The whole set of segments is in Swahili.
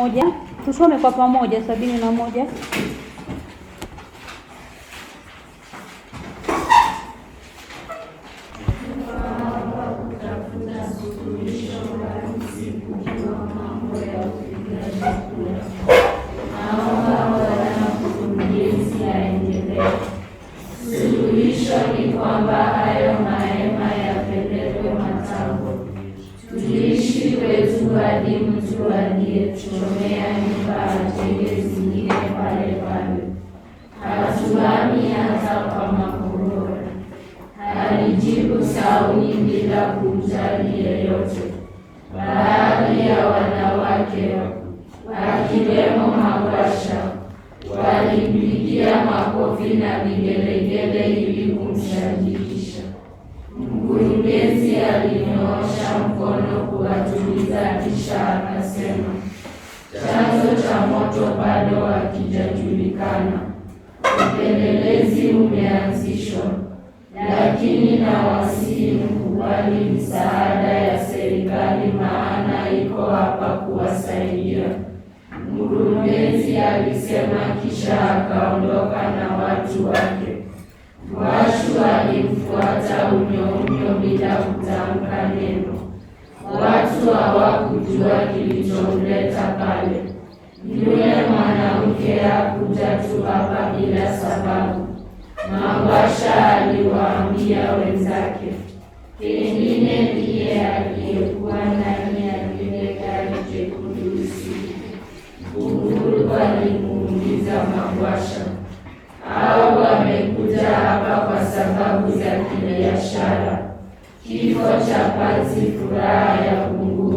moja, tusome kwa pamoja sabini na moja. mtu aliyetuchomea nyumba ajenge zingine pale pale, hatugami hata kwa makombora. Alijibu Sauli bila kumjali yeyote. Baadhi ya wanawake akiwemo Mawasha walimpigia makofi na vigelegele ili kumshabiki. Mkurugenzi alinyoosha mkono kuwatuliza, kisha akasema, chanzo cha moto bado hakijajulikana. Upelelezi umeanzishwa, lakini na wasihi mkubali misaada ya serikali, maana iko hapa kuwasaidia, mkurugenzi alisema, kisha akaondoka na watu wake. Washu alimfuata unyounyo bila kutamka neno. Watu hawakujua kilichomleta pale. Yule mwanamke hakuja tu hapa bila sababu. Mawasha aliwaambia wenzake, pengine ndiye aliye wazi furaha ya kunguru.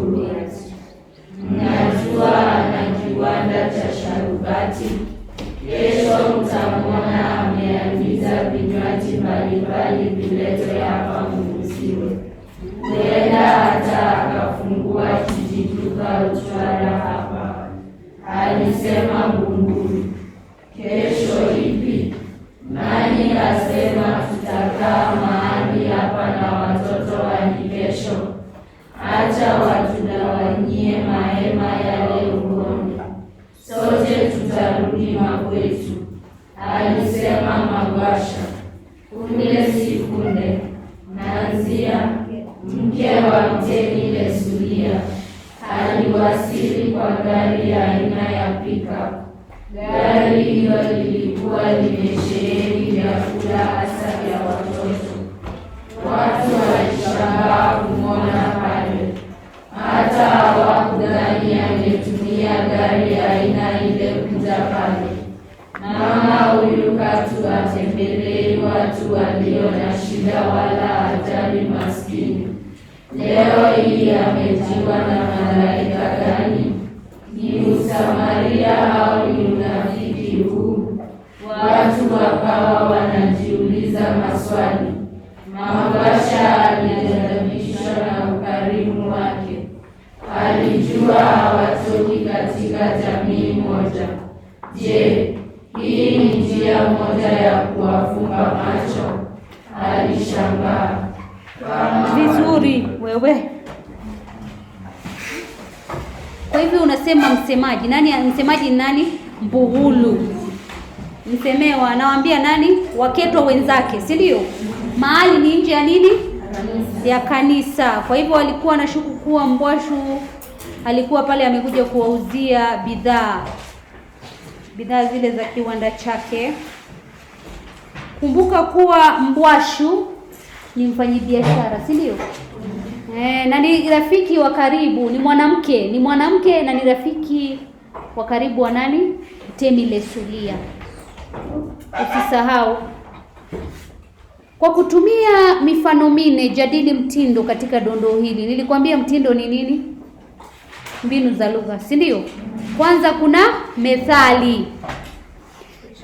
Mnajua ana kiwanda cha sharubati, kesho mtamwona ameagiza vinywaji mbalimbali viletwe hapa mnunuziwe. Huenda hata akafungua kijiduka uchwara hapa, alisema Ngunguru. Kesho ipi? Nani asema tutakaa acha watugawanyie mahema yale ugonde sote tutarudi makwetu, alisema Magwasha. Kunde si kunde, Nanzia mke wa mtemi Lesulia aliwasili kwa gari ya aina ya pikapu. Gari hilo lilikuwa lime hatari aina ile kuja pale. Mama huyu katu atembelei watu walio na shida wala ajali maskini. Leo hii amejiwa na malaika gani? Ni usamaria au ni unafiki huu? Watu wakawa wanajiuliza maswali. Mawasha alijaribishwa na ukarimu wake, alijua katika jamii moja. Je, hii ni njia moja ya kuwafunga macho? Alishangaa. Vizuri wewe. Kwa hivyo unasema msemaji nani? Msemaji ni nani? Mbuhulu msemewa anawaambia nani? Waketwa wenzake, si ndio? Mahali ni nje ya nini? Ya kanisa. Kwa hivyo walikuwa na shuku kuwa Mbwashu alikuwa pale amekuja kuwauzia bidhaa bidhaa zile za kiwanda chake. Kumbuka kuwa Mbwashu ni mfanyibiashara si ndio? E, na ni rafiki wa karibu, ni mwanamke, ni mwanamke na ni rafiki wa karibu wa nani? Temi Lesulia. Usisahau, kwa kutumia mifano mine, jadili mtindo katika dondoo hili. Nilikwambia mtindo ni nini? mbinu za lugha, si ndio? Kwanza kuna methali,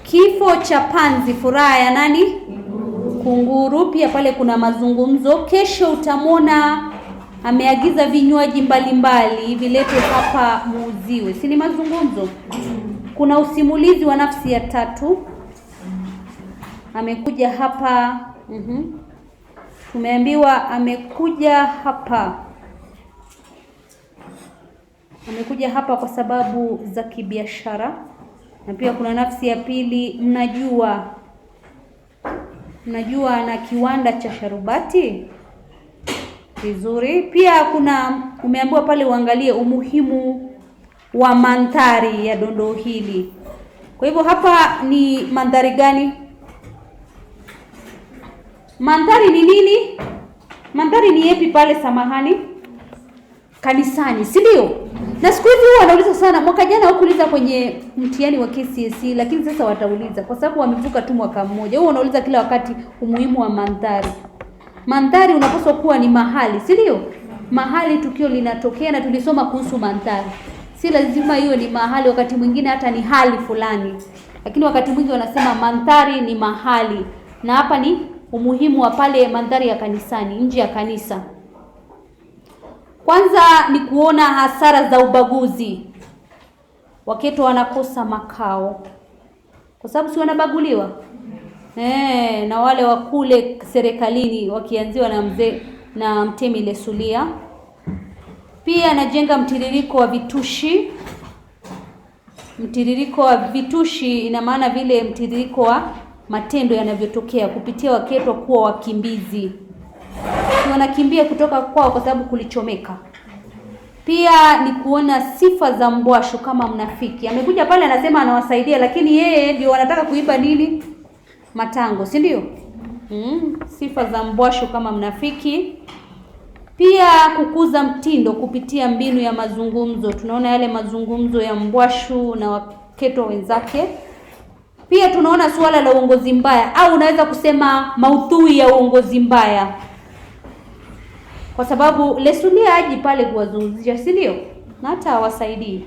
kifo cha panzi, furaha ya nani? Kunguru. Pia pale kuna mazungumzo, kesho utamwona ameagiza vinywaji mbalimbali viletwe hapa muuziwe, si ni mazungumzo? Kuna usimulizi wa nafsi ya tatu, amekuja hapa. mm -hmm. Tumeambiwa amekuja hapa Amekuja hapa kwa sababu za kibiashara, na pia kuna nafsi ya pili, mnajua mnajua na kiwanda cha sharubati vizuri. Pia kuna umeambiwa pale uangalie umuhimu wa mandhari ya dondoo hili. Kwa hivyo hapa ni mandhari gani? Mandhari ni nini? Mandhari ni yepi pale? Samahani, kanisani, si ndio? Na siku hizi huwa wanauliza sana. Mwaka jana hukuuliza kwenye mtihani wa KCSE, lakini sasa watauliza kwa sababu wamevuka tu mwaka mmoja. Huwa wanauliza kila wakati umuhimu wa mandhari. Mandhari unapaswa kuwa ni mahali, si ndio? Mahali tukio linatokea, na tulisoma kuhusu mandhari. Si lazima hiyo ni mahali, wakati mwingine hata ni hali fulani, lakini wakati mwingi wanasema mandhari ni mahali, na hapa ni umuhimu wa pale mandhari ya kanisani, nje ya kanisa. Kwanza ni kuona hasara za ubaguzi, waketo wanakosa makao kwa sababu si wanabaguliwa eh, na wale wa kule serikalini wakianziwa na mzee na Mtemi Lesulia. Pia anajenga mtiririko wa vitushi. Mtiririko wa vitushi ina maana vile mtiririko wa matendo yanavyotokea kupitia waketwa kuwa wakimbizi wanakimbia kutoka kwao kwa sababu kulichomeka. Pia ni kuona sifa za Mbwashu kama mnafiki. Amekuja pale anasema anawasaidia, lakini yeye ndio wanataka kuiba nini? Matango, si ndio? Mm, sifa za Mbwashu kama mnafiki. Pia kukuza mtindo kupitia mbinu ya mazungumzo. Tunaona yale mazungumzo ya Mbwashu na Waketo wenzake. Pia tunaona suala la uongozi mbaya, au unaweza kusema maudhui ya uongozi mbaya kwa sababu Lesulia aji pale kuwazungumzia, si ndio? Na hata hawasaidii.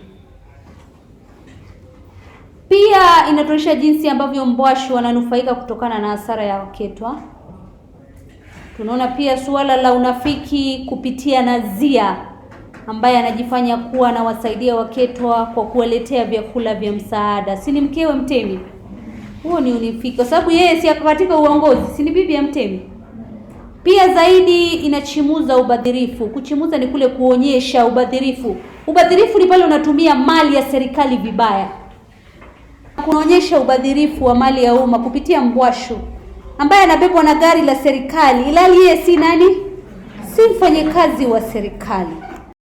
Pia inatuonyesha jinsi ambavyo mbwashi wananufaika kutokana na hasara ya Waketwa. Tunaona pia suala la unafiki kupitia Nazia ambaye anajifanya kuwa anawasaidia Waketwa kwa kuwaletea vyakula vya msaada, si ni mkewe Mtemi? Huo ni unafiki, kwa sababu yeye si katika uongozi, si ni bibi ya Mtemi? Pia zaidi inachimuza ubadhirifu. Kuchimuza ni kule kuonyesha ubadhirifu. Ubadhirifu ni pale unatumia mali ya serikali vibaya. Kunaonyesha ubadhirifu wa mali ya umma kupitia mbwashu ambaye anabebwa na gari la serikali, ilali yeye si nani? Si mfanyakazi wa serikali.